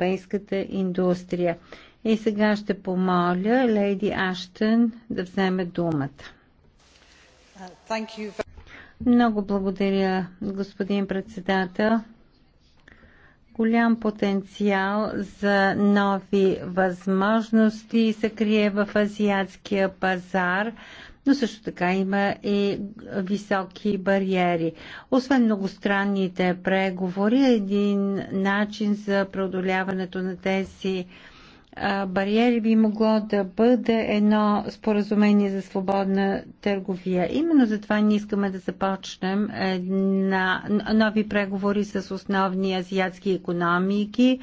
европейската индустрия. И сега ще помоля Лейди Аштън да вземе думата. Много благодаря, господин председател. Голям потенциал за нови възможности се крие в азиатския пазар но също така има и високи бариери. Освен многостранните преговори, един начин за преодоляването на тези бариери би могло да бъде едно споразумение за свободна търговия. Именно затова ние искаме да започнем на нови преговори с основни азиатски економики,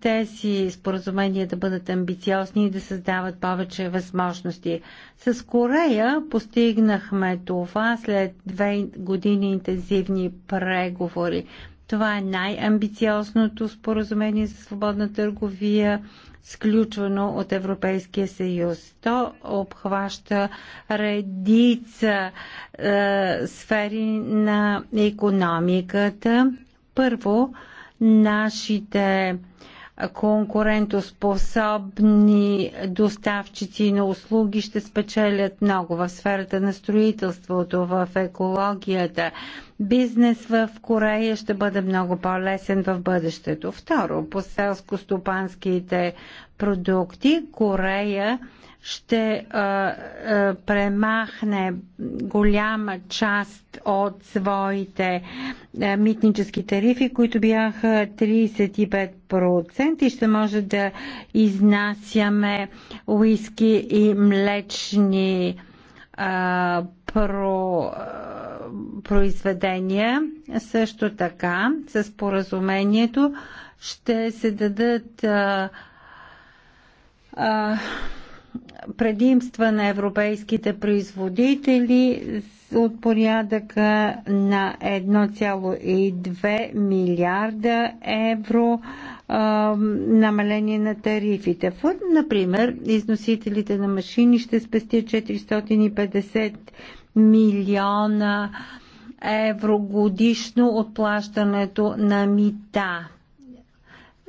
тези споразумения да бъдат амбициозни и да създават повече възможности. С Корея постигнахме това след две години интензивни преговори. Това е най-амбициозното споразумение за свободна търговия, сключвано от Европейския съюз. То обхваща редица е, сфери на економиката. Първо, нашите конкурентоспособни доставчици на услуги ще спечелят много в сферата на строителството, в екологията. Бизнес в Корея ще бъде много по-лесен в бъдещето. Второ, по селско-стопанските продукти Корея ще а, а, премахне голяма част от своите а, митнически тарифи, които бяха 35% и ще може да изнасяме уиски и млечни а, про, произведения. Също така, с поразумението ще се дадат а, а, предимства на европейските производители от порядъка на 1,2 милиарда евро а, намаление на тарифите. Фът, например, износителите на машини ще спестят 450 милиона евро годишно от плащането на мита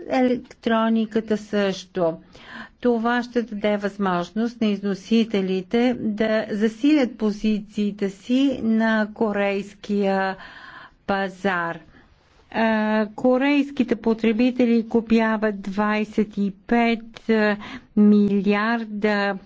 електрониката също. Това ще даде възможност на износителите да засилят позициите си на корейския пазар. Корейските потребители купяват 25 милиарда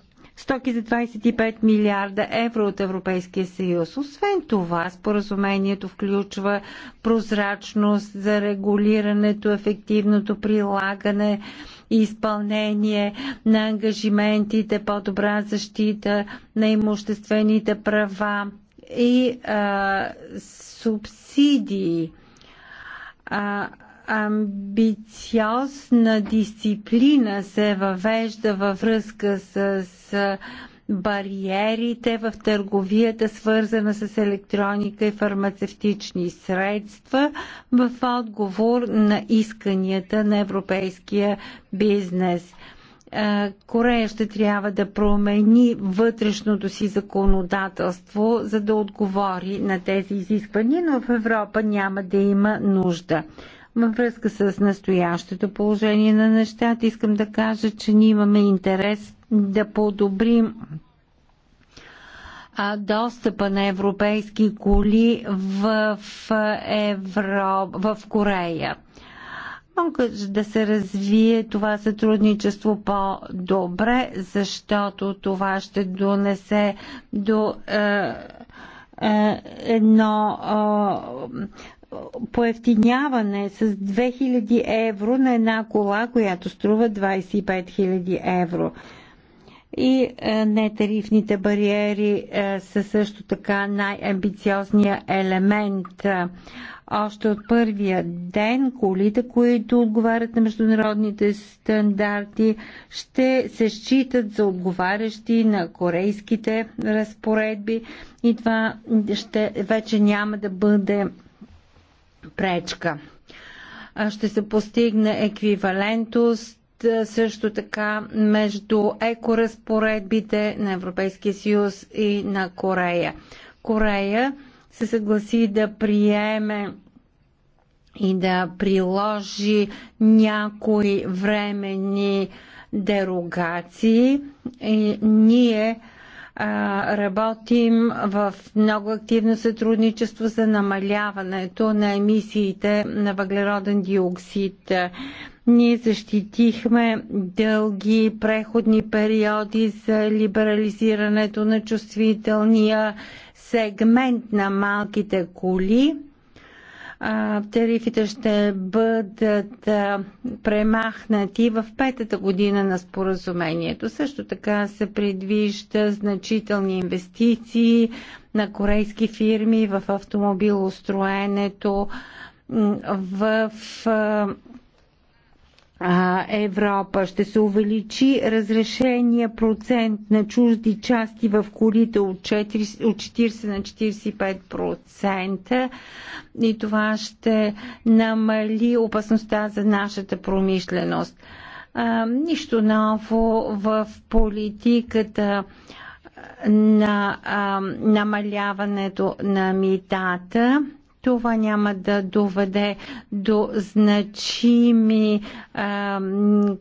стоки за 25 милиарда евро от Европейския съюз. Освен това, споразумението включва прозрачност за регулирането, ефективното прилагане и изпълнение на ангажиментите, по-добра защита на имуществените права и а, субсидии. А, амбициозна дисциплина се въвежда във връзка с бариерите в търговията, свързана с електроника и фармацевтични средства, в отговор на исканията на европейския бизнес. Корея ще трябва да промени вътрешното си законодателство, за да отговори на тези изисквания, но в Европа няма да има нужда. Във връзка с настоящото положение на нещата, искам да кажа, че ние имаме интерес да подобрим достъпа на европейски коли в, Евро... в Корея. Мога да се развие това сътрудничество по-добре, защото това ще донесе до е, е, едно е, поевтиняване с 2000 евро на една кола, която струва 25 000 евро. И е, нетарифните бариери е, са също така най-амбициозния елемент. Още от първия ден колите, които отговарят на международните стандарти, ще се считат за отговарящи на корейските разпоредби и това ще вече няма да бъде пречка. Ще се постигне еквивалентост също така между екоразпоредбите на Европейския съюз и на Корея. Корея се съгласи да приеме и да приложи някои временни дерогации. И ние работим в много активно сътрудничество за намаляването на емисиите на въглероден диоксид. Ние защитихме дълги преходни периоди за либерализирането на чувствителния сегмент на малките коли тарифите ще бъдат премахнати в петата година на споразумението. Също така се предвижда значителни инвестиции на корейски фирми в автомобилостроенето, в Европа. Ще се увеличи разрешения процент на чужди части в колите от 40, от 40 на 45% и това ще намали опасността за нашата промишленост. А, нищо ново в политиката на а, намаляването на митата това няма да доведе до значими а,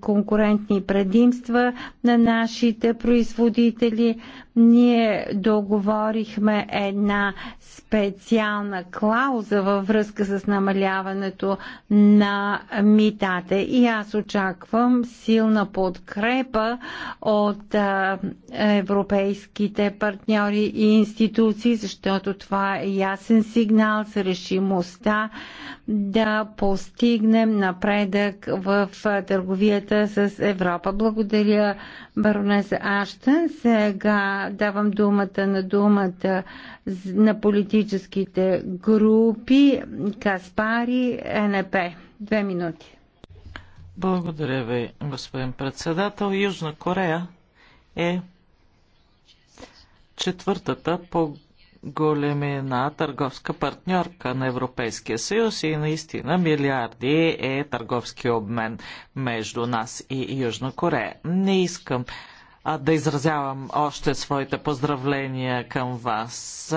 конкурентни предимства на нашите производители. Ние договорихме една специална клауза във връзка с намаляването на митата. И аз очаквам силна подкрепа от европейските партньори и институции, защото това е ясен сигнал за решимостта да постигнем напредък в търговията с Европа. Благодаря, баронеса Аштън. Сега давам думата на думата на политическите групи. Каспари, НП. Две минути. Благодаря ви, господин председател. Южна Корея е четвъртата по големина търговска партньорка на Европейския съюз и наистина милиарди е търговски обмен между нас и Южна Корея. Не искам а, да изразявам още своите поздравления към вас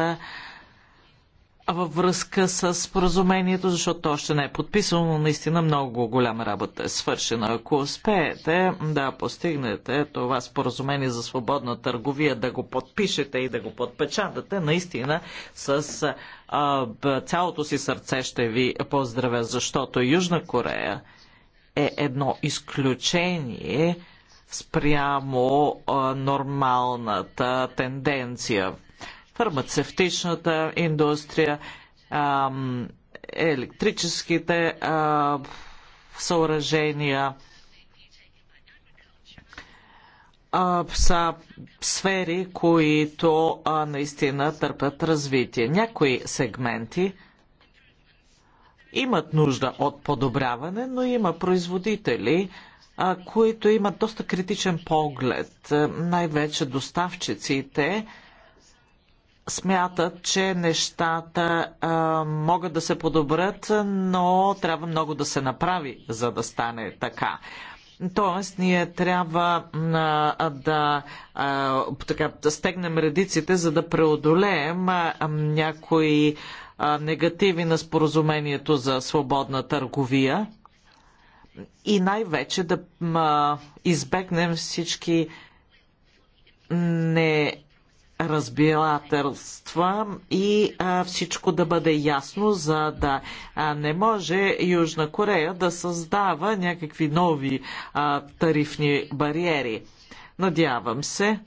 във връзка с поразумението, защото още не е подписано, но наистина много голяма работа е свършена. Ако успеете да постигнете това споразумение за свободна търговия, да го подпишете и да го подпечатате, наистина с а, цялото си сърце ще ви поздравя, защото Южна Корея е едно изключение – спрямо нормалната тенденция. Фармацевтичната индустрия, електрическите съоръжения са сфери, които наистина търпят развитие. Някои сегменти имат нужда от подобряване, но има производители, които имат доста критичен поглед. Е, най-вече доставчиците смятат, че нещата а, е, могат да се подобрят, но трябва много да се направи, за да стане така. Тоест, ние трябва а, е, да а, така, да стегнем редиците, за да преодолеем а, някои а, негативи на споразумението за свободна търговия и най-вече да избегнем всички неразбирателства и всичко да бъде ясно, за да не може Южна Корея да създава някакви нови тарифни бариери. Надявам се,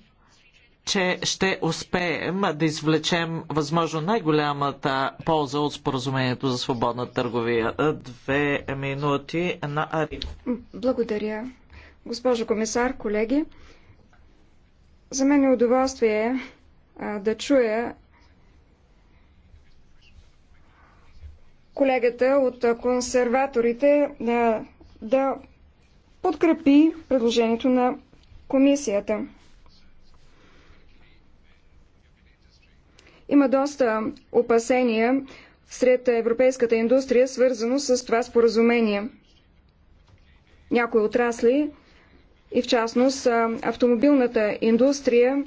че ще успеем да извлечем възможно най-голямата полза от споразумението за свободна търговия. Две минути на Ари. Благодаря. Госпожо комисар, колеги, за мен е удоволствие а, да чуя колегата от консерваторите а, да подкрепи предложението на комисията. Има доста опасения сред европейската индустрия, свързано с това споразумение. Някои отрасли и в частност автомобилната индустрия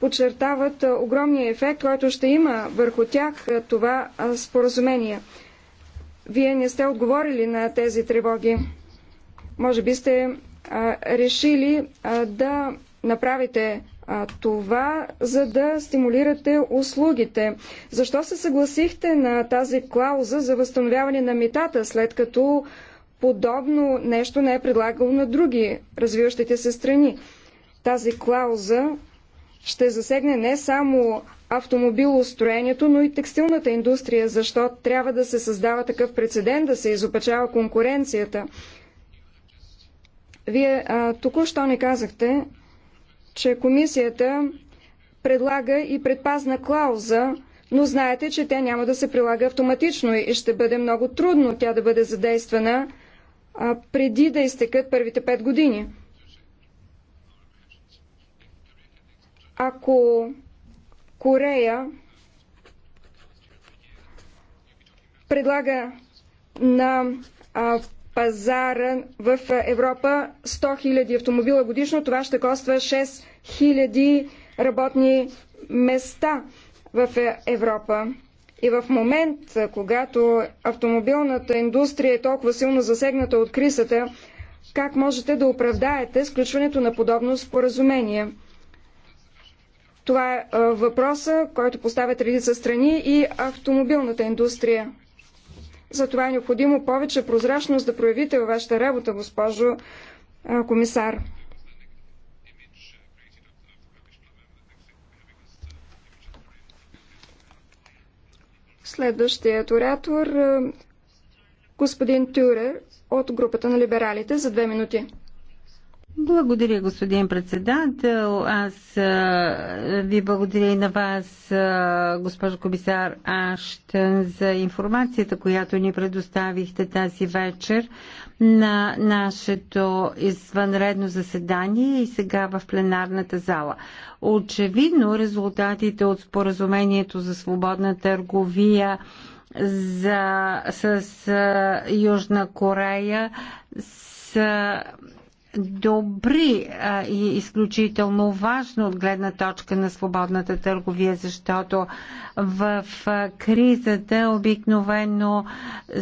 подчертават огромния ефект, който ще има върху тях това споразумение. Вие не сте отговорили на тези тревоги. Може би сте решили да направите а това, за да стимулирате услугите. Защо се съгласихте на тази клауза за възстановяване на метата, след като подобно нещо не е предлагало на други развиващите се страни? Тази клауза ще засегне не само автомобилостроението, но и текстилната индустрия, защо трябва да се създава такъв прецедент, да се изопачава конкуренцията. Вие току-що не казахте, че комисията предлага и предпазна клауза, но знаете, че тя няма да се прилага автоматично и ще бъде много трудно тя да бъде задействана а, преди да изтекат първите пет години. Ако Корея предлага на а, пазара в Европа 100 000 автомобила годишно. Това ще коства 6 000 работни места в Европа. И в момент, когато автомобилната индустрия е толкова силно засегната от кризата, как можете да оправдаете сключването на подобно споразумение? Това е въпроса, който поставят редица страни и автомобилната индустрия. Затова е необходимо повече прозрачност да проявите във вашата работа, госпожо комисар. Следващият оратор господин Тюре от групата на либералите за две минути. Благодаря, господин председател. Аз а, ви благодаря и на вас, а, госпожо комисар Аштън, за информацията, която ни предоставихте тази вечер на нашето извънредно заседание и сега в пленарната зала. Очевидно, резултатите от споразумението за свободна търговия за, с, с Южна Корея са добри а, и изключително важно от гледна точка на свободната търговия, защото в а, кризата обикновено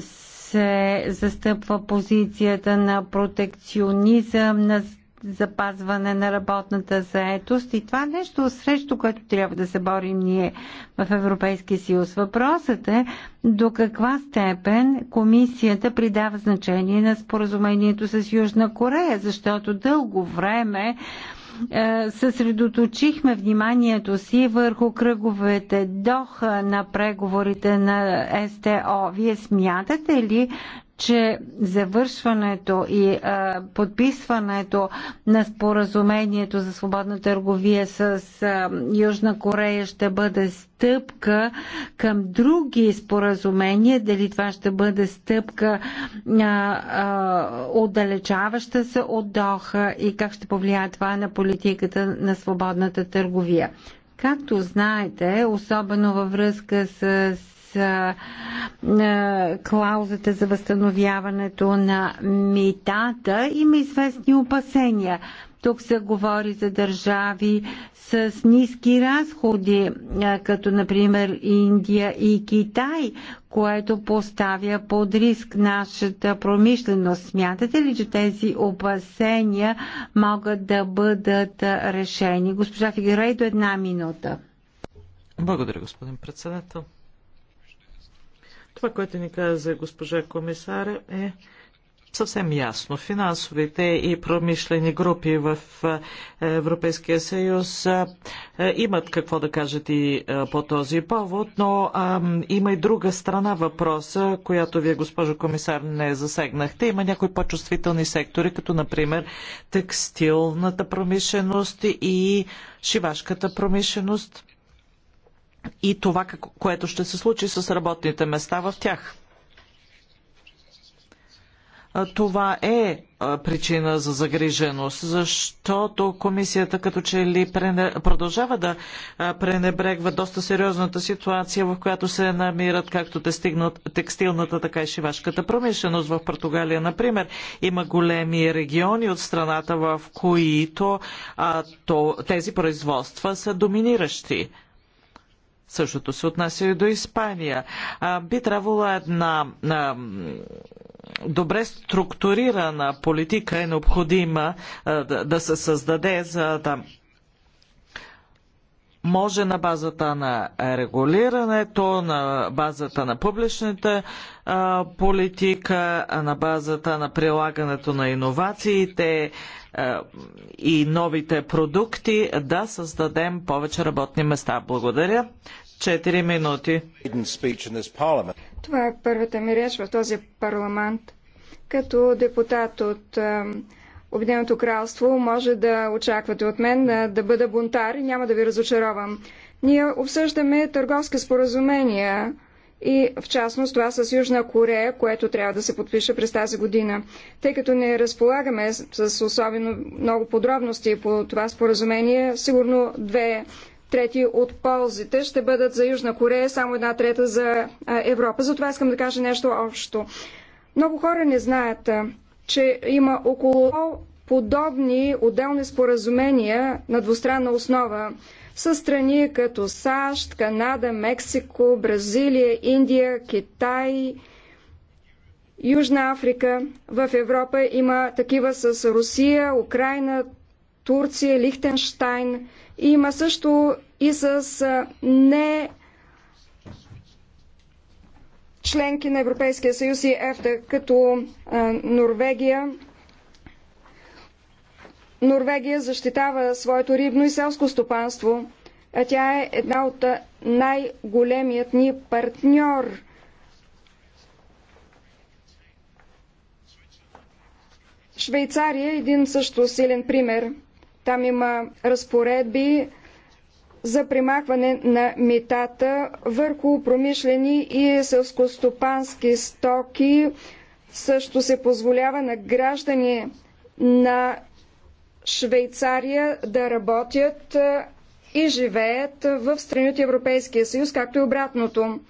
се застъпва позицията на протекционизъм, на запазване на работната заетост и това нещо срещу което трябва да се борим ние в Европейския съюз. Въпросът е до каква степен комисията придава значение на споразумението с Южна Корея, защото дълго време е, съсредоточихме вниманието си върху кръговете доха на преговорите на СТО. Вие смятате ли, че завършването и а, подписването на споразумението за свободна търговия с а, Южна Корея ще бъде стъпка към други споразумения, дали това ще бъде стъпка а, а, отдалечаваща се от Доха и как ще повлияе това на политиката на свободната търговия. Както знаете, особено във връзка с за клаузата за възстановяването на митата, има известни опасения. Тук се говори за държави с ниски разходи, като например Индия и Китай, което поставя под риск нашата промишленост. Смятате ли, че тези опасения могат да бъдат решени? Госпожа Фигерей, до една минута. Благодаря, господин председател. Това, което ни каза госпожа комисара, е съвсем ясно. Финансовите и промишлени групи в Европейския съюз имат какво да кажат и по този повод, но има и друга страна въпроса, която вие, госпожо комисар, не засегнахте. Има някои по-чувствителни сектори, като например текстилната промишленост и шивашката промишленост и това, което ще се случи с работните места в тях. Това е причина за загриженост, защото комисията като че ли продължава да пренебрегва доста сериозната ситуация, в която се намират както те стигнат текстилната, така и шивашката промишленост. В Португалия, например, има големи региони от страната, в които а, то, тези производства са доминиращи. Същото се отнася и до Испания. А, би трябвало една а, добре структурирана политика е необходима а, да, да се създаде, за да може на базата на регулирането, на базата на публичната политика, на базата на прилагането на иновациите и новите продукти да създадем повече работни места. Благодаря. Четири минути. Това е първата ми реч в този парламент. Като депутат от Обединеното кралство, може да очаквате от мен да бъда бунтар и няма да ви разочаровам. Ние обсъждаме търговски споразумения и в частност това с Южна Корея, което трябва да се подпише през тази година. Тъй като не разполагаме с особено много подробности по това споразумение, сигурно две трети от ползите ще бъдат за Южна Корея, само една трета за Европа. Затова искам да кажа нещо общо. Много хора не знаят, че има около подобни отделни споразумения на двустранна основа с страни като САЩ, Канада, Мексико, Бразилия, Индия, Китай, Южна Африка. В Европа има такива с Русия, Украина, Турция, Лихтенштайн. Има също и с не членки на Европейския съюз и ЕФТА, като Норвегия. Норвегия защитава своето рибно и селско стопанство. а Тя е една от най-големият ни партньор. Швейцария е един също силен пример. Там има разпоредби за примахване на митата върху промишлени и селскостопански стоки. Също се позволява на граждани на Швейцария да работят и живеят в страни от Европейския съюз, както и обратното.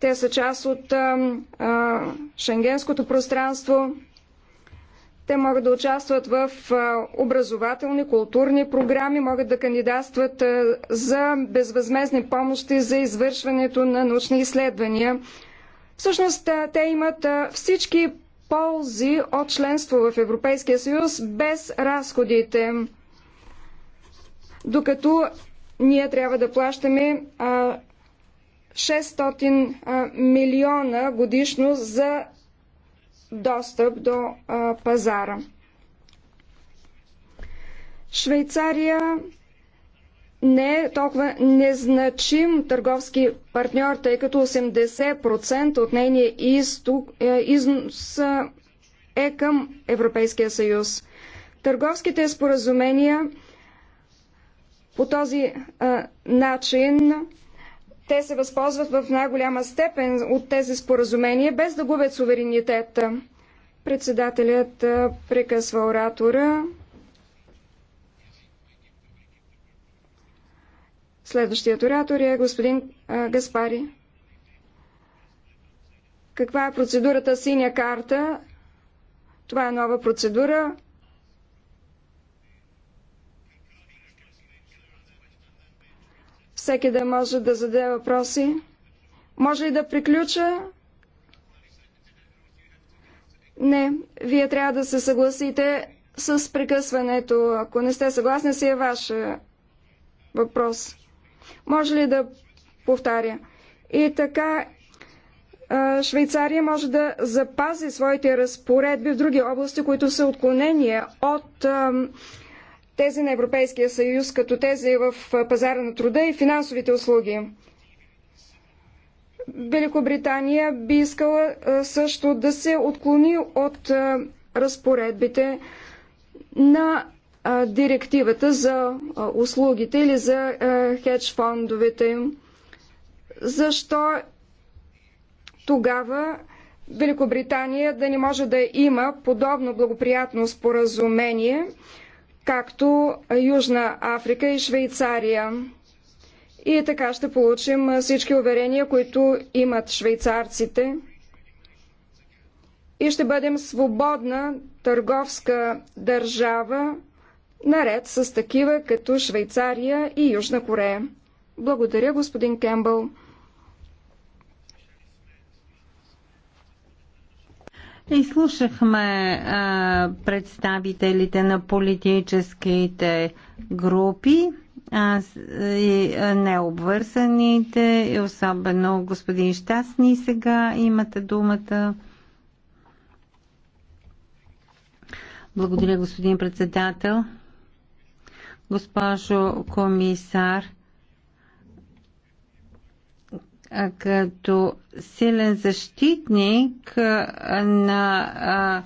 Те са част от а, а, шенгенското пространство. Те могат да участват в образователни, културни програми, могат да кандидатстват за безвъзмезни помощи за извършването на научни изследвания. Всъщност те имат всички ползи от членство в Европейския съюз без разходите. Докато ние трябва да плащаме 600 милиона годишно за достъп до а, пазара. Швейцария не е толкова незначим търговски партньор, тъй като 80% от нейния изток, е, износ е към Европейския съюз. Търговските споразумения по този а, начин те се възползват в най-голяма степен от тези споразумения, без да губят суверенитета. Председателят прекъсва оратора. Следващият оратор е господин а, Гаспари. Каква е процедурата синя карта? Това е нова процедура. всеки да може да зададе въпроси. Може ли да приключа? Не, вие трябва да се съгласите с прекъсването. Ако не сте съгласни, си е ваш е, въпрос. Може ли да повтаря? И така е, Швейцария може да запази своите разпоредби в други области, които са отклонения от тези на Европейския съюз, като тези в пазара на труда и финансовите услуги. Великобритания би искала също да се отклони от разпоредбите на директивата за услугите или за хедж фондовете. Защо тогава Великобритания да не може да има подобно благоприятно споразумение както Южна Африка и Швейцария. И така ще получим всички уверения, които имат швейцарците. И ще бъдем свободна търговска държава, наред с такива като Швейцария и Южна Корея. Благодаря, господин Кембъл. Изслушахме а, представителите на политическите групи а, и необвързаните, и особено господин Щастни. Сега имате думата. Благодаря, господин председател. Госпожо комисар, като силен защитник на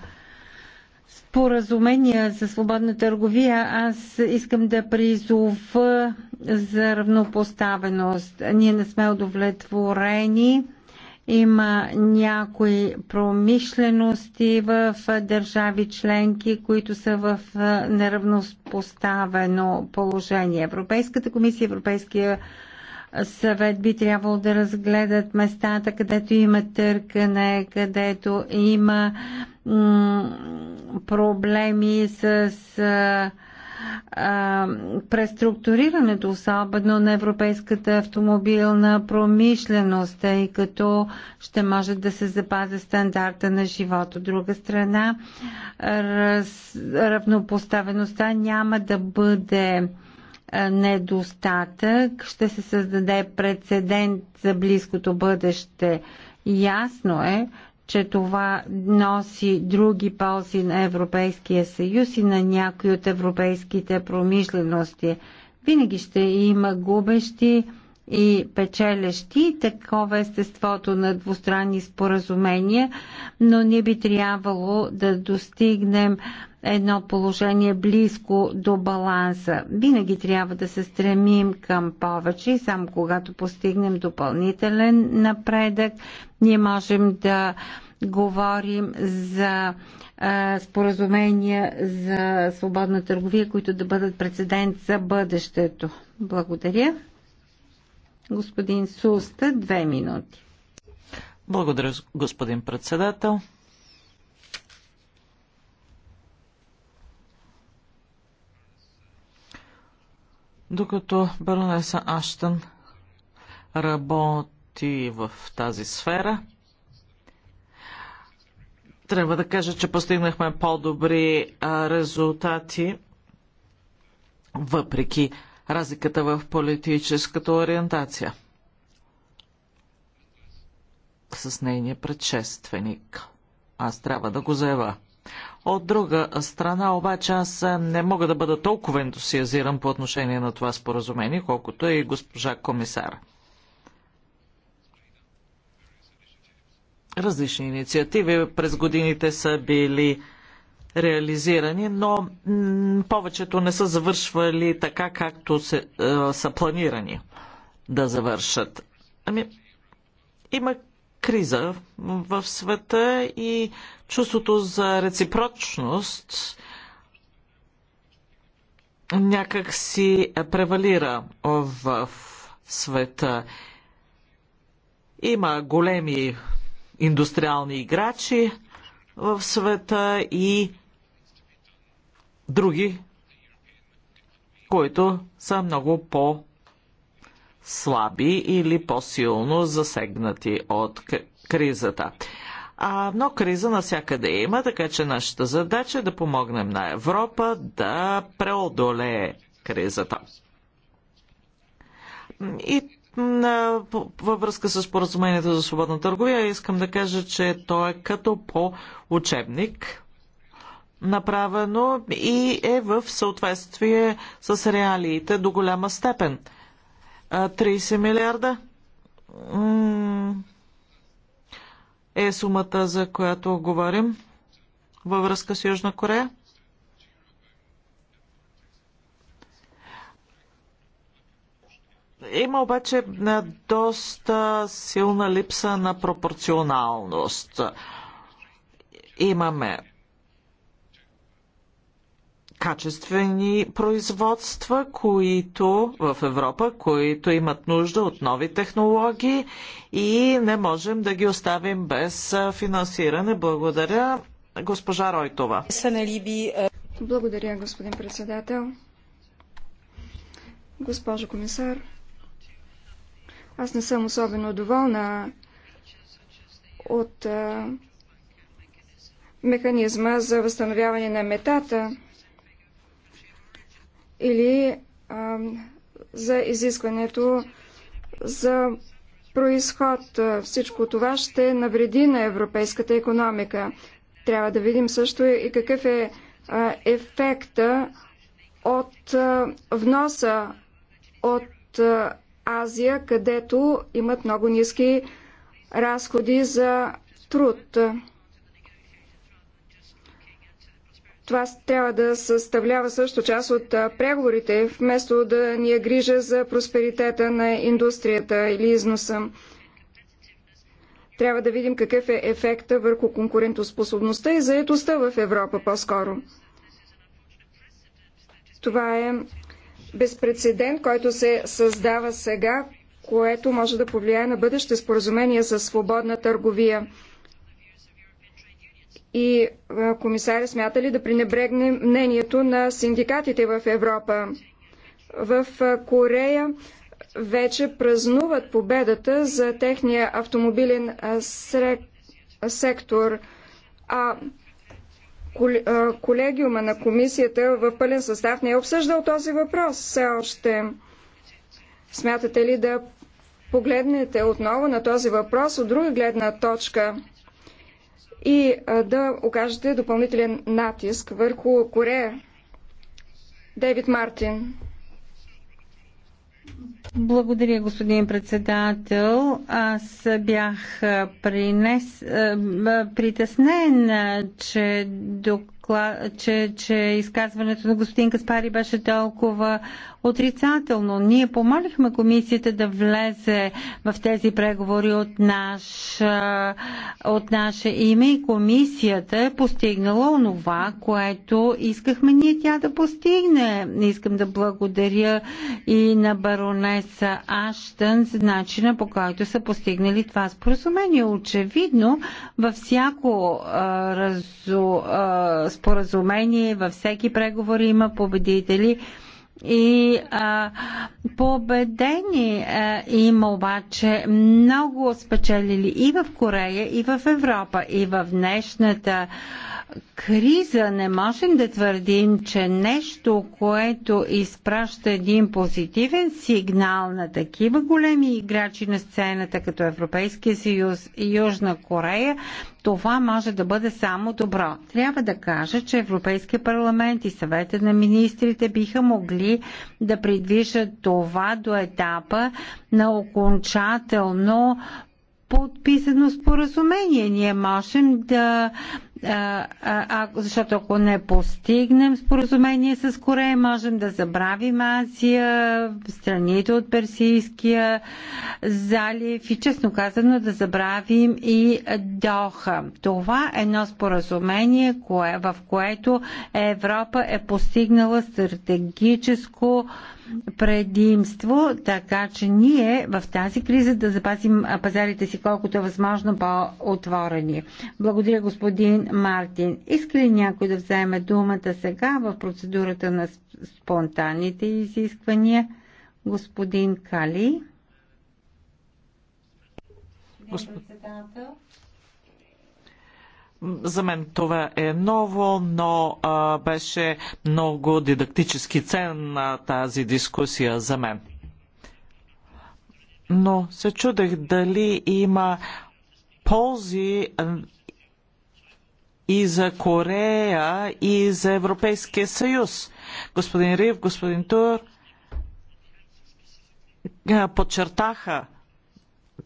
споразумения за свободна търговия, аз искам да призова за равнопоставеност. Ние не сме удовлетворени. Има някои промишлености в държави членки, които са в неравнопоставено положение. Европейската комисия, Европейския съвет би трябвало да разгледат местата, където има търкане, където има проблеми с а, а, преструктурирането, особено на европейската автомобилна промишленост, тъй като ще може да се запази стандарта на живот. От друга страна, раз, равнопоставеността няма да бъде е, недостатък, ще се създаде прецедент за близкото бъдеще. Ясно е, че това носи други ползи на Европейския съюз и на някои от европейските промишлености. Винаги ще има губещи и печелещи, такова е естеството на двустранни споразумения, но не би трябвало да достигнем едно положение близко до баланса. Винаги трябва да се стремим към повече и само когато постигнем допълнителен напредък, ние можем да говорим за споразумения за свободна търговия, които да бъдат прецедент за бъдещето. Благодаря. Господин Суста, две минути. Благодаря, господин председател. Докато баронеса Аштън работи в тази сфера, трябва да кажа, че постигнахме по-добри резултати, въпреки разликата в политическата ориентация с нейния предшественик. Аз трябва да го заява. От друга страна, обаче, аз не мога да бъда толкова ентусиазиран по отношение на това споразумение, колкото и госпожа комисар. Различни инициативи през годините са били реализирани, но повечето не са завършвали така, както се, е, са планирани да завършат. Ами, има криза в света и чувството за реципрочност някак си превалира в света. Има големи индустриални играчи в света и други, които са много по- слаби или по-силно засегнати от кризата. А, но криза навсякъде има, така че нашата задача е да помогнем на Европа да преодолее кризата. И във връзка с поразумението за свободна търговия, искам да кажа, че то е като по учебник направено и е в съответствие с реалиите до голяма степен. 30 милиарда е сумата, за която говорим във връзка с Южна Корея. Има обаче доста силна липса на пропорционалност. Имаме качествени производства, които в Европа, които имат нужда от нови технологии и не можем да ги оставим без финансиране. Благодаря, госпожа Ройтова. Благодаря, господин председател. Госпожо комисар, аз не съм особено доволна от механизма за възстановяване на метата, или а, за изискването за происход. Всичко това ще навреди на европейската економика. Трябва да видим също и какъв е а, ефекта от а, вноса от а, Азия, където имат много ниски разходи за труд. Това трябва да съставлява също част от преговорите, вместо да ни е грижа за просперитета на индустрията или износа. Трябва да видим какъв е ефекта върху конкурентоспособността и заетостта в Европа по-скоро. Това е безпредседент, който се създава сега, което може да повлияе на бъдеще споразумение за свободна търговия. И комисаря смята ли да пренебрегне мнението на синдикатите в Европа? В Корея вече празнуват победата за техния автомобилен сектор, а колегиума на комисията в пълен състав не е обсъждал този въпрос все още. Смятате ли да погледнете отново на този въпрос от друга гледна точка? и да окажете допълнителен натиск върху Корея. Дейвид Мартин. Благодаря, господин председател. Аз бях принес, е, е, притеснен, че, доклад, че, че изказването на господин Каспари беше толкова отрицателно. Ние помолихме комисията да влезе в тези преговори от, наш, от наше име и комисията е постигнала онова, което искахме ние тя да постигне. Искам да благодаря и на бароне Баронеса Аштън за начина по който са постигнали това споразумение. Очевидно, във всяко а, разу, а, споразумение, във всеки преговор има победители и а, победени. А, има обаче много спечелили и в Корея, и в Европа, и в днешната криза не можем да твърдим, че нещо, което изпраща един позитивен сигнал на такива големи играчи на сцената, като Европейския съюз и Южна Корея, това може да бъде само добро. Трябва да кажа, че Европейския парламент и съвета на министрите биха могли да придвижат това до етапа на окончателно подписано споразумение. Ние можем да а, а, защото ако не постигнем споразумение с Корея, можем да забравим Азия, страните от Персийския залив и честно казано да забравим и Доха. Това е едно споразумение, кое, в което Европа е постигнала стратегическо предимство, така че ние в тази криза да запазим пазарите си колкото е възможно по-отворени. Благодаря господин Мартин. Иска ли някой да вземе думата сега в процедурата на спонтанните изисквания? Господин Кали. Господин председател. За мен това е ново, но а, беше много дидактически ценна тази дискусия за мен. Но се чудех дали има ползи и за Корея, и за Европейския съюз. Господин Рив, господин Тур подчертаха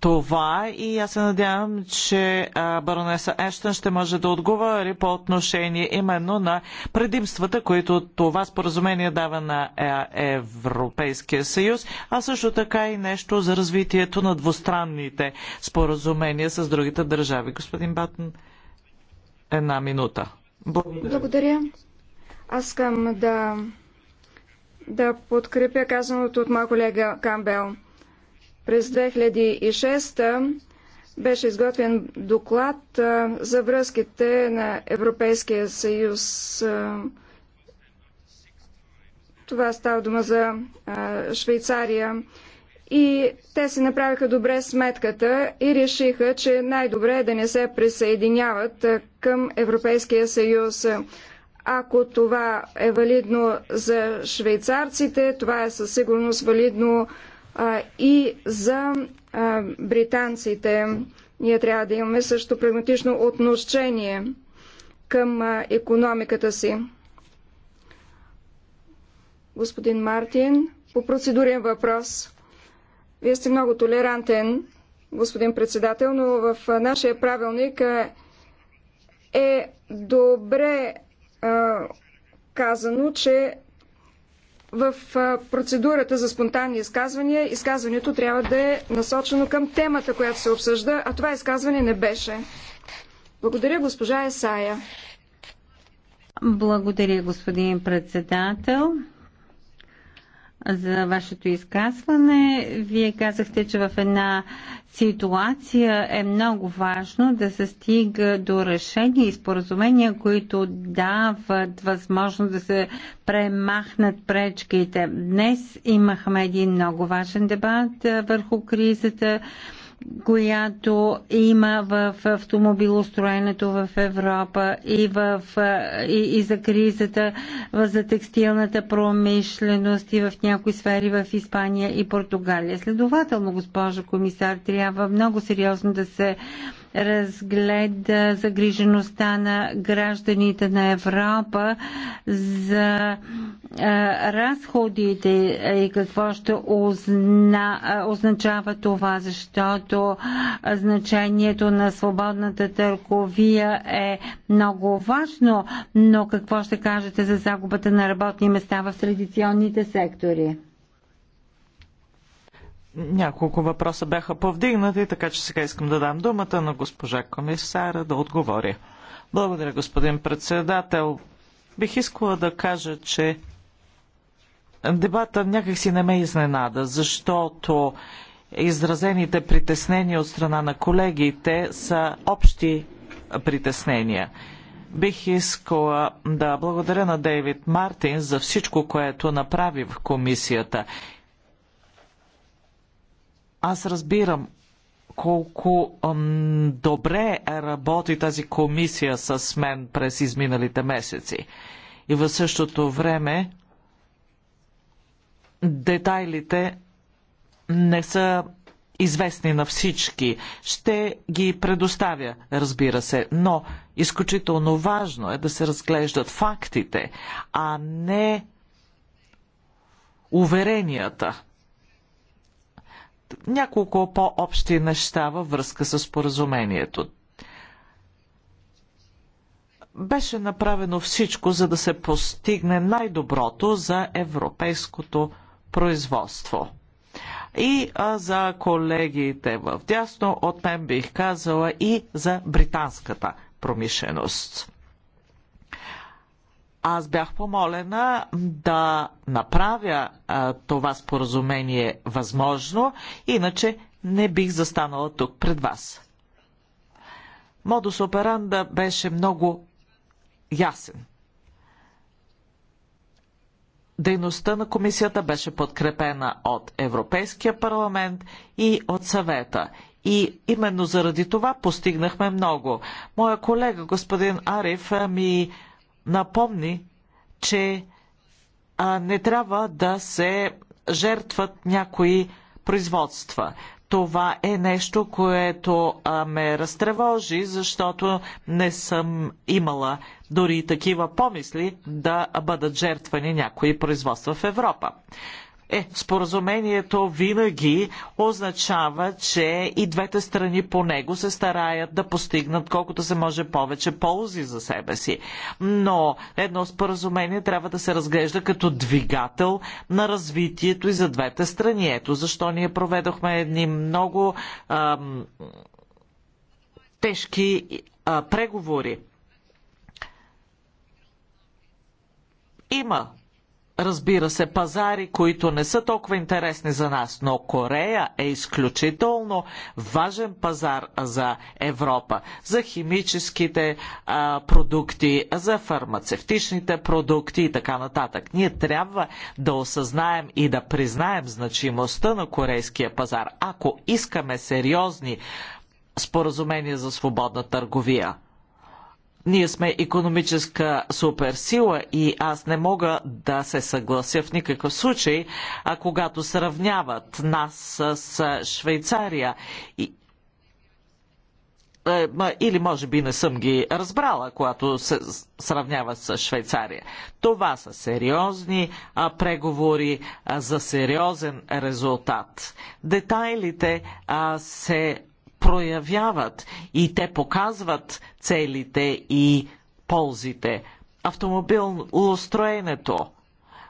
това и аз се надявам, че баронеса Ештън ще може да отговори по отношение именно на предимствата, които това споразумение дава на е, Европейския съюз, а също така и нещо за развитието на двустранните споразумения с другите държави. Господин Батен, една минута. Благодаря. Благодаря. Аз искам да, да подкрепя казаното от моя колега Камбел. През 2006 беше изготвен доклад за връзките на Европейския съюз. Това става дума за Швейцария. И те си направиха добре сметката и решиха, че най-добре е да не се присъединяват към Европейския съюз. Ако това е валидно за швейцарците, това е със сигурност валидно и за британците. Ние трябва да имаме също прагматично отношение към економиката си. Господин Мартин, по процедурен въпрос. Вие сте много толерантен, господин председател, но в нашия правилник е добре казано, че в процедурата за спонтанни изказвания, изказването трябва да е насочено към темата, която се обсъжда, а това изказване не беше. Благодаря, госпожа Есая. Благодаря, господин председател за вашето изказване. Вие казахте, че в една ситуация е много важно да се стига до решения и споразумения, които дават възможност да се премахнат пречките. Днес имахме един много важен дебат върху кризата която има в автомобилостроенето в Европа и, в, и, и за кризата за текстилната промишленост и в някои сфери в Испания и Португалия. Следователно, госпожо комисар, трябва много сериозно да се разгледа загрижеността на гражданите на Европа за разходите и какво ще озна, означава това, защото значението на свободната търговия е много важно, но какво ще кажете за загубата на работни места в традиционните сектори? Няколко въпроса бяха повдигнати, така че сега искам да дам думата на госпожа комисара да отговоря. Благодаря, господин председател. Бих искала да кажа, че дебата някакси не ме изненада, защото изразените притеснения от страна на колегите са общи притеснения. Бих искала да благодаря на Дейвид Мартин за всичко, което направи в комисията аз разбирам колко добре е работи тази комисия с мен през изминалите месеци. И в същото време детайлите не са известни на всички. Ще ги предоставя, разбира се, но изключително важно е да се разглеждат фактите, а не уверенията няколко по-общи неща във връзка с поразумението. Беше направено всичко, за да се постигне най-доброто за европейското производство. И а, за колегите в дясно от мен бих казала и за британската промишленост аз бях помолена да направя а, това споразумение възможно, иначе не бих застанала тук пред вас. Модус операнда беше много ясен. Дейността на комисията беше подкрепена от Европейския парламент и от съвета. И именно заради това постигнахме много. Моя колега, господин Ариф, ми напомни, че не трябва да се жертват някои производства. Това е нещо, което ме разтревожи, защото не съм имала дори такива помисли да бъдат жертвани някои производства в Европа. Е, споразумението винаги означава, че и двете страни по него се стараят да постигнат колкото се може повече ползи за себе си. Но едно споразумение трябва да се разглежда като двигател на развитието и за двете страни. Ето защо ние проведохме едни много ам, тежки а, преговори. Има разбира се, пазари, които не са толкова интересни за нас, но Корея е изключително важен пазар за Европа, за химическите а, продукти, за фармацевтичните продукти и така нататък. Ние трябва да осъзнаем и да признаем значимостта на корейския пазар, ако искаме сериозни споразумения за свободна търговия ние сме економическа суперсила и аз не мога да се съглася в никакъв случай, а когато сравняват нас с Швейцария и е, или може би не съм ги разбрала, когато се сравняват с Швейцария. Това са сериозни преговори за сериозен резултат. Детайлите се проявяват и те показват целите и ползите. Автомобилостроенето.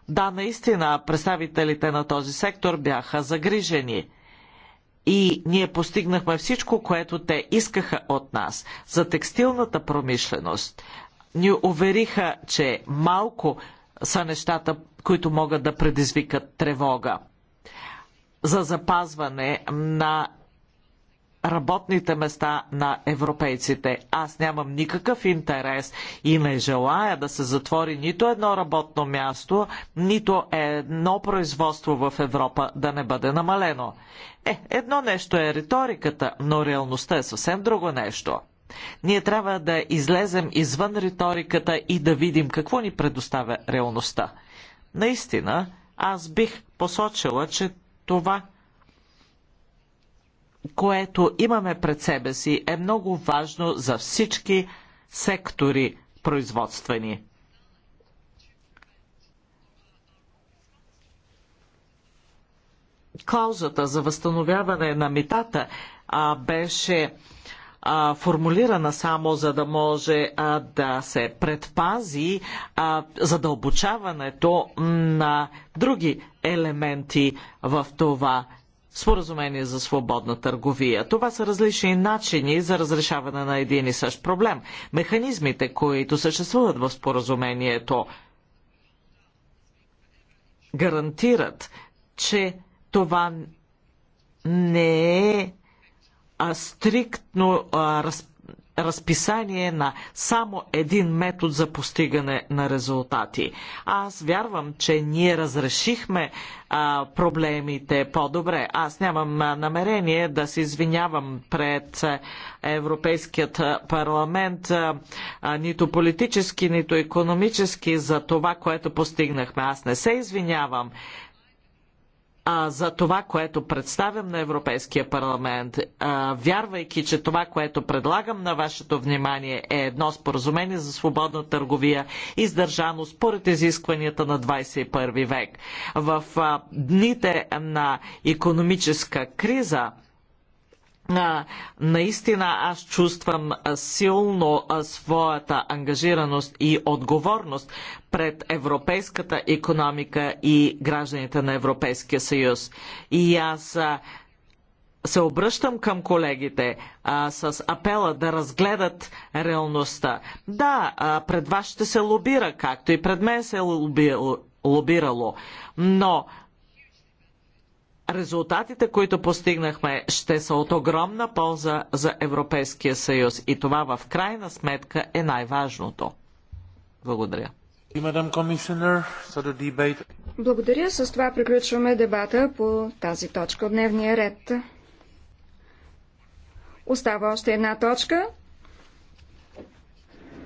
Да, наистина, представителите на този сектор бяха загрижени. И ние постигнахме всичко, което те искаха от нас за текстилната промишленост. Ни увериха, че малко са нещата, които могат да предизвикат тревога за запазване на работните места на европейците. Аз нямам никакъв интерес и не желая да се затвори нито едно работно място, нито едно производство в Европа да не бъде намалено. Е, едно нещо е риториката, но реалността е съвсем друго нещо. Ние трябва да излезем извън риториката и да видим какво ни предоставя реалността. Наистина, аз бих посочила, че това което имаме пред себе си, е много важно за всички сектори производствени. Клаузата за възстановяване на митата а, беше а, формулирана само за да може а, да се предпази а, задълбочаването на други елементи в това споразумение за свободна търговия. Това са различни начини за разрешаване на един и същ проблем. Механизмите, които съществуват в споразумението, гарантират, че това не е а стриктно а, разпределение разписание на само един метод за постигане на резултати. Аз вярвам, че ние разрешихме а, проблемите по-добре. Аз нямам намерение да се извинявам пред Европейският парламент, а, нито политически, нито економически за това, което постигнахме. Аз не се извинявам а, за това, което представям на Европейския парламент, а, вярвайки, че това, което предлагам на вашето внимание е едно споразумение за свободна търговия, издържано според изискванията на 21 век. В а, дните на економическа криза, наистина аз чувствам силно своята ангажираност и отговорност пред европейската економика и гражданите на Европейския съюз. И аз се обръщам към колегите а, с апела да разгледат реалността. Да, а, пред вас ще се лобира, както и пред мен се е лоби, лобирало, но резултатите, които постигнахме, ще са от огромна полза за Европейския съюз. И това в крайна сметка е най-важното. Благодаря. Благодаря. С това приключваме дебата по тази точка от дневния ред. Остава още една точка.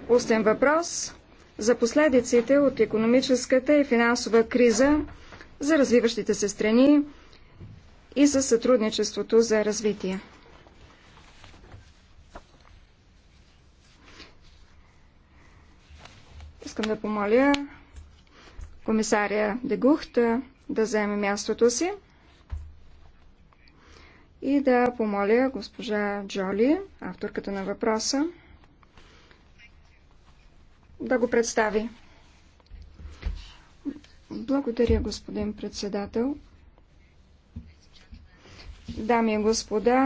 Устен въпрос за последиците от економическата и финансова криза за развиващите се страни и за сътрудничеството за развитие. Искам да помоля комисаря Дегухт да вземе мястото си и да помоля госпожа Джоли, авторката на въпроса, да го представи. Благодаря, господин председател. Дами и господа,